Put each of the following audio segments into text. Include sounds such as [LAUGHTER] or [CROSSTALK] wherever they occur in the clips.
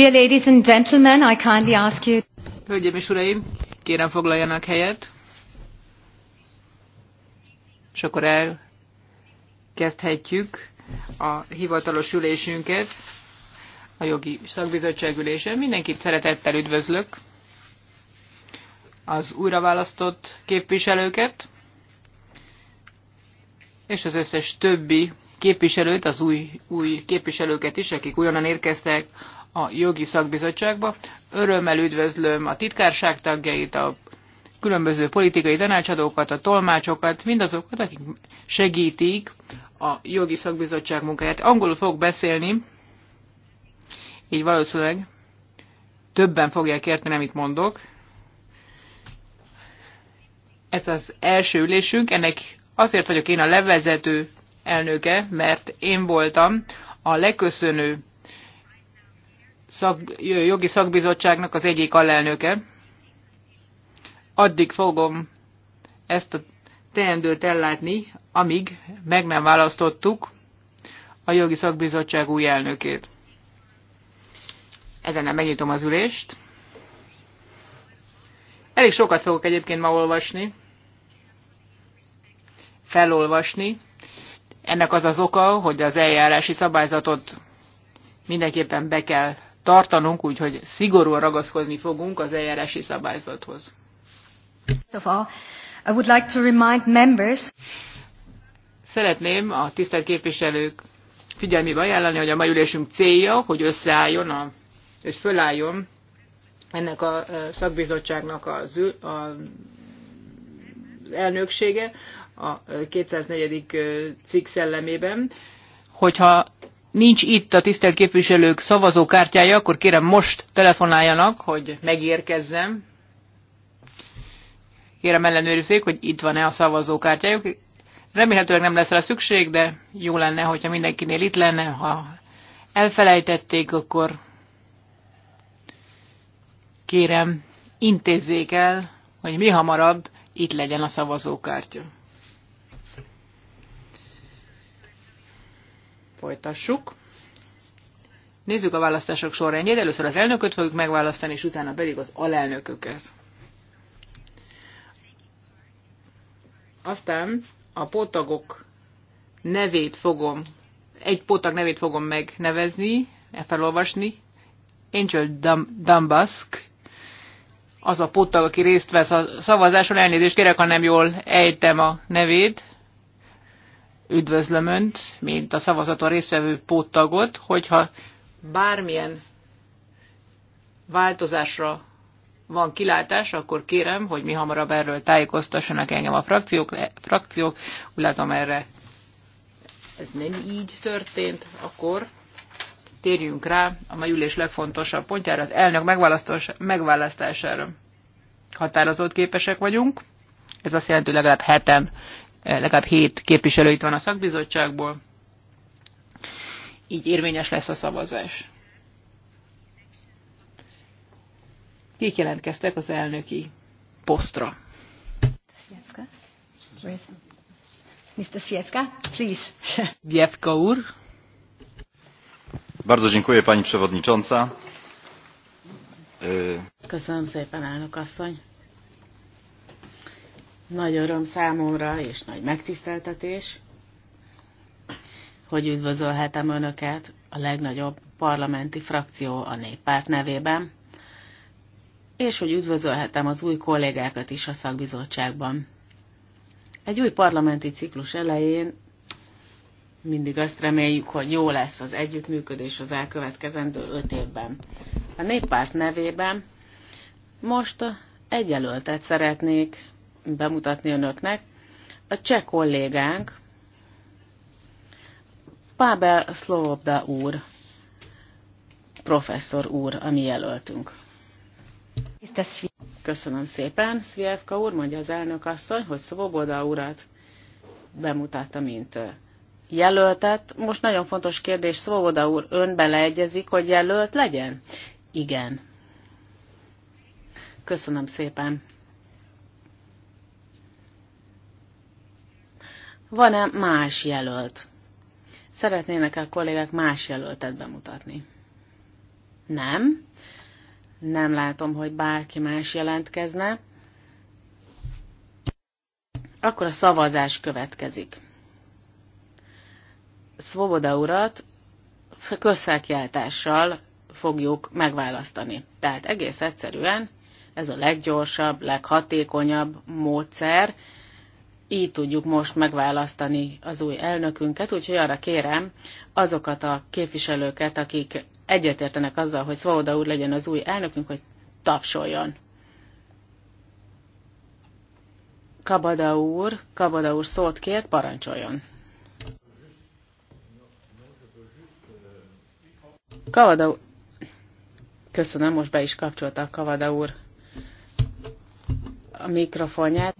Dear ladies and gentlemen, I kindly ask you... Hölgyeim és uraim, kérem foglaljanak helyet. És akkor elkezdhetjük a hivatalos ülésünket, a jogi szakbizottság ülésen. Mindenkit szeretettel üdvözlök, az újraválasztott képviselőket, és az összes többi képviselőt, az új, új képviselőket is, akik újonnan érkeztek a jogi szakbizottságba. Örömmel üdvözlöm a titkárság tagjait, a különböző politikai tanácsadókat, a tolmácsokat, mindazokat, akik segítik a jogi szakbizottság munkáját. Angolul fog beszélni, így valószínűleg többen fogják érteni, amit mondok. Ez az első ülésünk, ennek azért vagyok én a levezető elnöke, mert én voltam a leköszönő szak, jogi szakbizottságnak az egyik alelnöke. Addig fogom ezt a teendőt ellátni, amíg meg nem választottuk a jogi szakbizottság új elnökét. Ezen nem megnyitom az ülést. Elég sokat fogok egyébként ma olvasni, felolvasni. Ennek az az oka, hogy az eljárási szabályzatot mindenképpen be kell tartanunk, úgyhogy szigorúan ragaszkodni fogunk az eljárási szabályzathoz. Szóval, I would like to remind members. Szeretném a tisztelt képviselők figyelmébe ajánlani, hogy a mai ülésünk célja, hogy összeálljon, a, hogy fölálljon ennek a szakbizottságnak az, az elnöksége a 204. cikk szellemében. Hogyha nincs itt a tisztelt képviselők szavazókártyája, akkor kérem most telefonáljanak, hogy megérkezzem. Kérem ellenőrizzék, hogy itt van-e a szavazókártyájuk. Remélhetőleg nem lesz rá szükség, de jó lenne, hogyha mindenkinél itt lenne. Ha elfelejtették, akkor kérem, intézzék el, hogy mi hamarabb itt legyen a szavazókártya. folytassuk. Nézzük a választások sorrendjét. Először az elnököt fogjuk megválasztani, és utána pedig az alelnököket. Aztán a pótagok nevét fogom, egy pótag nevét fogom megnevezni, e felolvasni. Angel Dambask, az a póttag, aki részt vesz a szavazáson, elnézést kérek, ha nem jól ejtem a nevét üdvözlöm Önt, mint a szavazaton résztvevő póttagot, hogyha bármilyen változásra van kilátás, akkor kérem, hogy mi hamarabb erről tájékoztassanak engem a frakciók. frakciók. Úgy látom erre ez nem így történt, akkor térjünk rá a mai ülés legfontosabb pontjára, az elnök megválasztására. Határozott képesek vagyunk, ez azt jelenti, hogy legalább heten Eh, legalább hét képviselő itt van a szakbizottságból, így érvényes lesz a szavazás. Kik jelentkeztek az elnöki posztra? Mr. Sziecka, please. Wiewka [LAUGHS] úr. Bardzo dziękuję, pani przewodnicząca. E, Köszönöm szépen, elnök asszony. Nagy öröm számomra, és nagy megtiszteltetés, hogy üdvözölhetem Önöket a legnagyobb parlamenti frakció a néppárt nevében, és hogy üdvözölhetem az új kollégákat is a szakbizottságban. Egy új parlamenti ciklus elején mindig azt reméljük, hogy jó lesz az együttműködés az elkövetkezendő öt évben. A néppárt nevében most egy jelöltet szeretnék bemutatni önöknek. A cseh kollégánk, Pábel Szlovobda úr, professzor úr, a mi jelöltünk. Köszönöm szépen, Szvijevka úr, mondja az elnök asszony, hogy Szlovobda urat bemutatta, mint jelöltet. Most nagyon fontos kérdés, Szoboda úr, ön beleegyezik, hogy jelölt legyen? Igen. Köszönöm szépen. Van-e más jelölt? Szeretnének a kollégák más jelöltet bemutatni? Nem. Nem látom, hogy bárki más jelentkezne. Akkor a szavazás következik. Svoboda urat közfelkiáltással fogjuk megválasztani. Tehát egész egyszerűen ez a leggyorsabb, leghatékonyabb módszer, így tudjuk most megválasztani az új elnökünket, úgyhogy arra kérem azokat a képviselőket, akik egyetértenek azzal, hogy Szvoboda úr legyen az új elnökünk, hogy tapsoljon. Kabada úr, Kabada úr szót kért, parancsoljon. Kavada úr. Köszönöm, most be is kapcsolta Kavada úr a mikrofonját.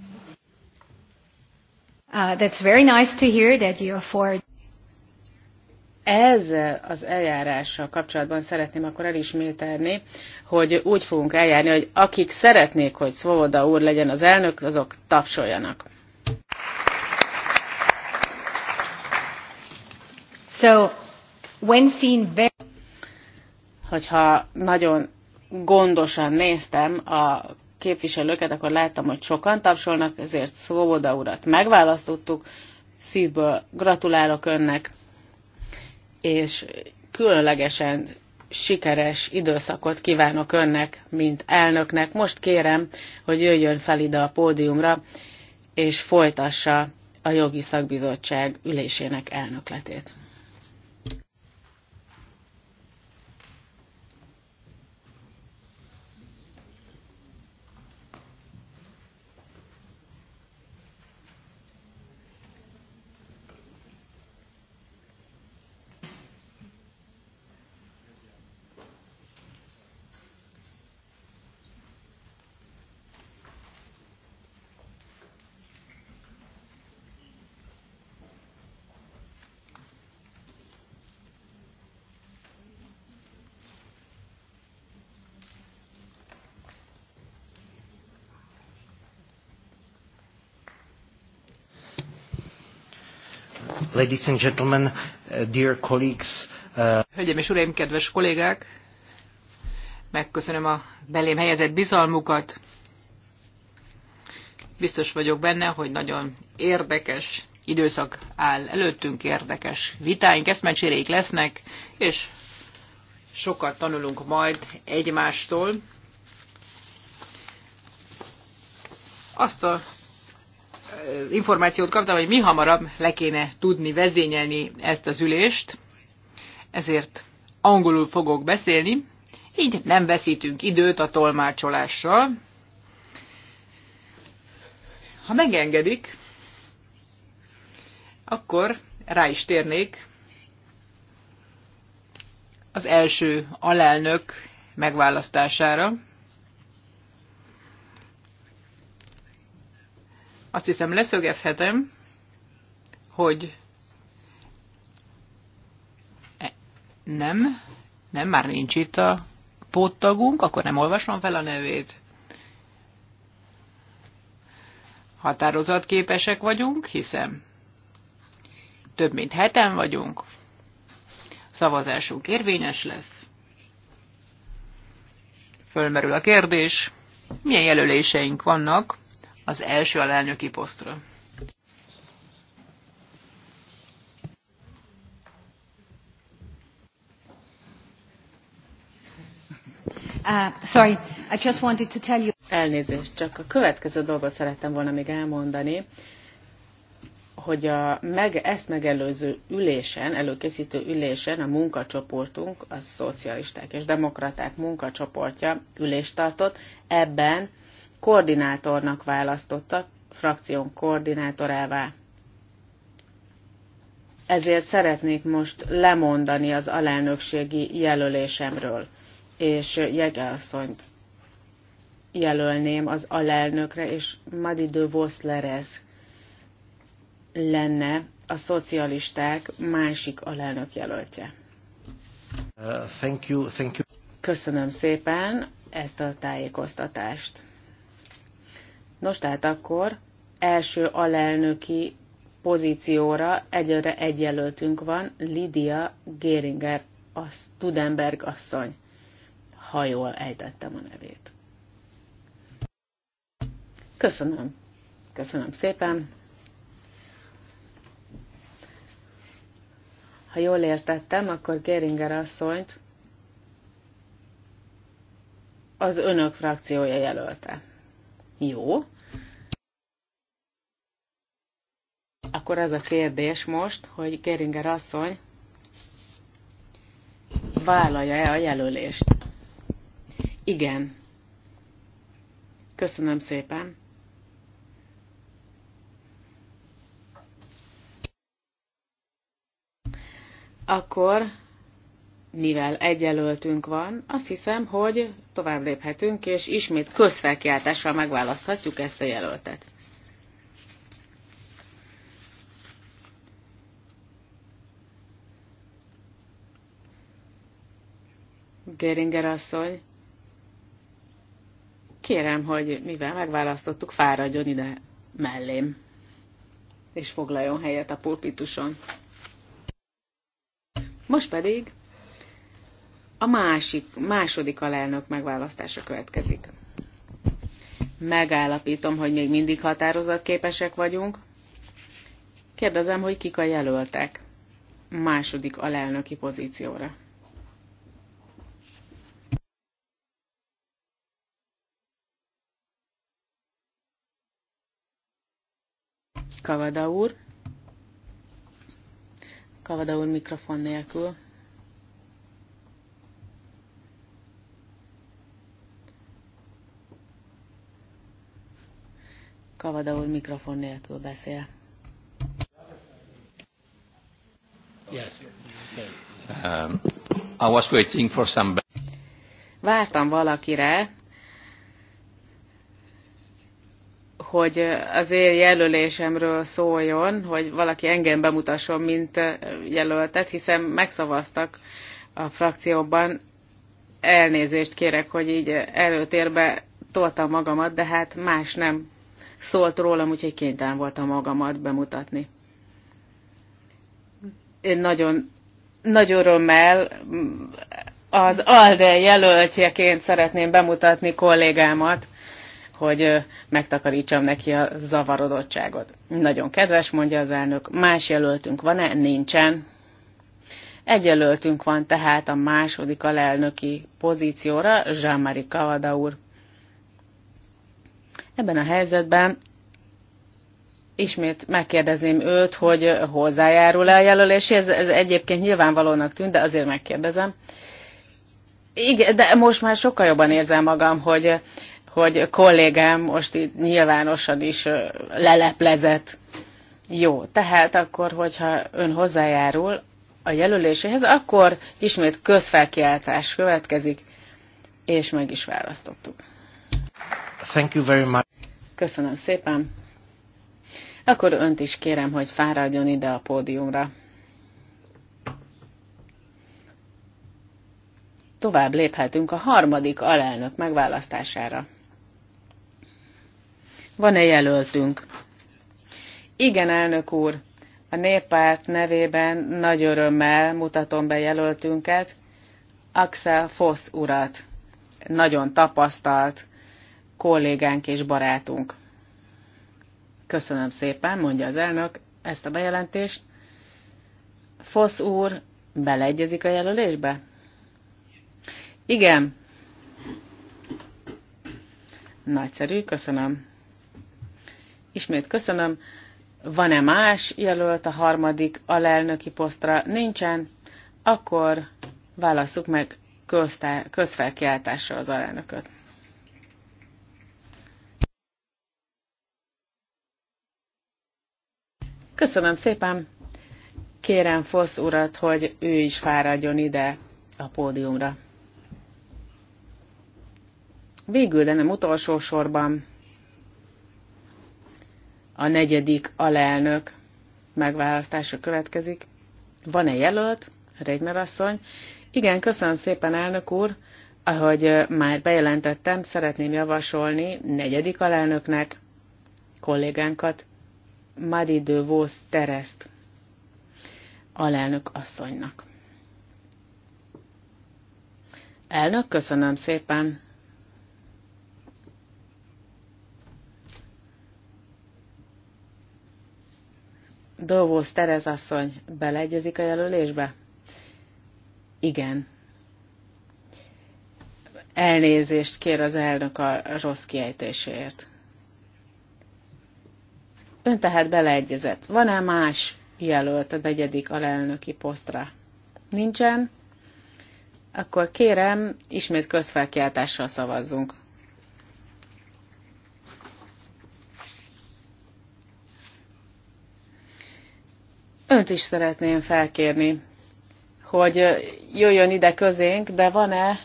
Uh, that's very nice to hear that you afford. Ezzel az eljárással kapcsolatban szeretném akkor elismételni, hogy úgy fogunk eljárni, hogy akik szeretnék, hogy Szvoboda úr legyen az elnök, azok tapsoljanak. So, when seen very... Hogyha nagyon gondosan néztem a képviselőket, akkor láttam, hogy sokan tapsolnak, ezért Svoboda urat megválasztottuk. Szívből gratulálok önnek, és különlegesen sikeres időszakot kívánok önnek, mint elnöknek. Most kérem, hogy jöjjön fel ide a pódiumra, és folytassa a jogi szakbizottság ülésének elnökletét. Ladies and gentlemen, uh, dear colleagues. Uh, Hölgyeim és uraim, kedves kollégák! Megköszönöm a belém helyezett bizalmukat. Biztos vagyok benne, hogy nagyon érdekes időszak áll előttünk, érdekes vitáink, eszmecséréik lesznek, és sokat tanulunk majd egymástól. Azt a információt kaptam, hogy mi hamarabb le kéne tudni vezényelni ezt az ülést, ezért angolul fogok beszélni, így nem veszítünk időt a tolmácsolással. Ha megengedik, akkor rá is térnék az első alelnök megválasztására. Azt hiszem leszögezhetem, hogy e, nem, nem, már nincs itt a póttagunk, akkor nem olvasom fel a nevét. Határozatképesek vagyunk, hiszem. Több mint heten vagyunk. Szavazásunk érvényes lesz. Fölmerül a kérdés, milyen jelöléseink vannak az első alelnöki posztra. Uh, sorry, I just wanted to tell you. Elnézést, csak a következő dolgot szerettem volna még elmondani, hogy a meg, ezt megelőző ülésen, előkészítő ülésen a munkacsoportunk, a szocialisták és demokraták munkacsoportja ülést tartott, ebben koordinátornak választottak, frakción koordinátorává. Ezért szeretnék most lemondani az alelnökségi jelölésemről, és Jegelszonyt jelölném az alelnökre, és Madidő Voszlerez lenne a szocialisták másik alelnök jelöltje. Uh, thank you, thank you. Köszönöm szépen ezt a tájékoztatást. Nos, tehát akkor első alelnöki pozícióra egyre egy jelöltünk van, Lydia Geringer, a Studenberg asszony, ha jól ejtettem a nevét. Köszönöm. Köszönöm szépen. Ha jól értettem, akkor Geringer asszonyt az önök frakciója jelölte. Jó. Akkor az a kérdés most, hogy Geringer asszony vállalja-e a jelölést? Igen. Köszönöm szépen. Akkor mivel egyelőltünk van, azt hiszem, hogy tovább léphetünk, és ismét közfelkiáltással megválaszthatjuk ezt a jelöltet. Geringer asszony, kérem, hogy mivel megválasztottuk, fáradjon ide mellém, és foglaljon helyet a pulpituson. Most pedig a másik, második alelnök megválasztása következik. Megállapítom, hogy még mindig határozatképesek vagyunk. Kérdezem, hogy kik a jelöltek második alelnöki pozícióra. Kavada úr. Kavada úr mikrofon nélkül. Kavada úr mikrofon nélkül beszél. Yes. Um, I was waiting for some... Vártam valakire, hogy az én jelölésemről szóljon, hogy valaki engem bemutasson, mint jelöltet, hiszen megszavaztak a frakcióban. Elnézést kérek, hogy így előtérbe toltam magamat, de hát más nem szólt rólam, úgyhogy kénytelen voltam magamat bemutatni. Én nagyon nagy örömmel mm, az ALDE jelöltjeként szeretném bemutatni kollégámat, hogy megtakarítsam neki a zavarodottságot. Nagyon kedves, mondja az elnök. Más jelöltünk van-e? Nincsen. Egy jelöltünk van tehát a második alelnöki pozícióra, Jean-Marie Kavada úr. Ebben a helyzetben ismét megkérdezném őt, hogy hozzájárul-e a jelöléséhez. Ez, ez egyébként nyilvánvalónak tűnt, de azért megkérdezem. Igen, de most már sokkal jobban érzem magam, hogy, hogy kollégám most itt nyilvánosan is leleplezett. Jó, tehát akkor, hogyha ön hozzájárul a jelöléséhez, akkor ismét közfelkiáltás következik, és meg is választottuk. Thank you very much. Köszönöm szépen. Akkor önt is kérem, hogy fáradjon ide a pódiumra. Tovább léphetünk a harmadik alelnök megválasztására. Van-e jelöltünk? Igen, elnök úr. A néppárt nevében nagy örömmel mutatom be jelöltünket, Axel Foss urat. Nagyon tapasztalt, kollégánk és barátunk. Köszönöm szépen, mondja az elnök ezt a bejelentést. Fosz úr beleegyezik a jelölésbe? Igen. Nagyszerű, köszönöm. Ismét köszönöm. Van-e más jelölt a harmadik alelnöki posztra? Nincsen. Akkor válasszuk meg közfelkiáltással az alelnököt. Köszönöm szépen. Kérem Fosz urat, hogy ő is fáradjon ide a pódiumra. Végül, de nem utolsó sorban a negyedik alelnök megválasztása következik. Van-e jelölt? Régner asszony. Igen, köszönöm szépen, elnök úr. Ahogy már bejelentettem, szeretném javasolni negyedik alelnöknek kollégánkat, Madi de Vos Tereszt alelnök asszonynak. Elnök, köszönöm szépen! Dovóz Terez asszony beleegyezik a jelölésbe? Igen. Elnézést kér az elnök a rossz kiejtéséért. Ön tehát beleegyezett. Van-e más jelölt a negyedik alelnöki posztra? Nincsen? Akkor kérem, ismét közfelkiáltással szavazzunk. Önt is szeretném felkérni, hogy jöjjön ide közénk, de van-e?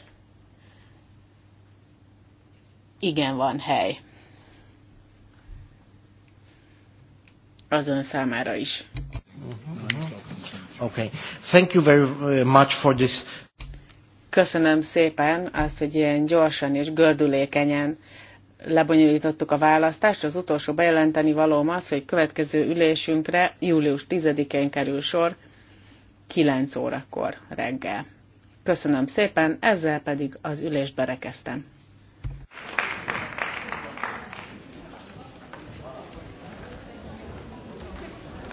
Igen, van hely. az ön számára is. Okay. Thank you very uh, much for this. Köszönöm szépen azt, hogy ilyen gyorsan és gördülékenyen lebonyolítottuk a választást. Az utolsó bejelenteni valóm az, hogy következő ülésünkre július 10-én kerül sor 9 órakor reggel. Köszönöm szépen, ezzel pedig az ülést berekeztem.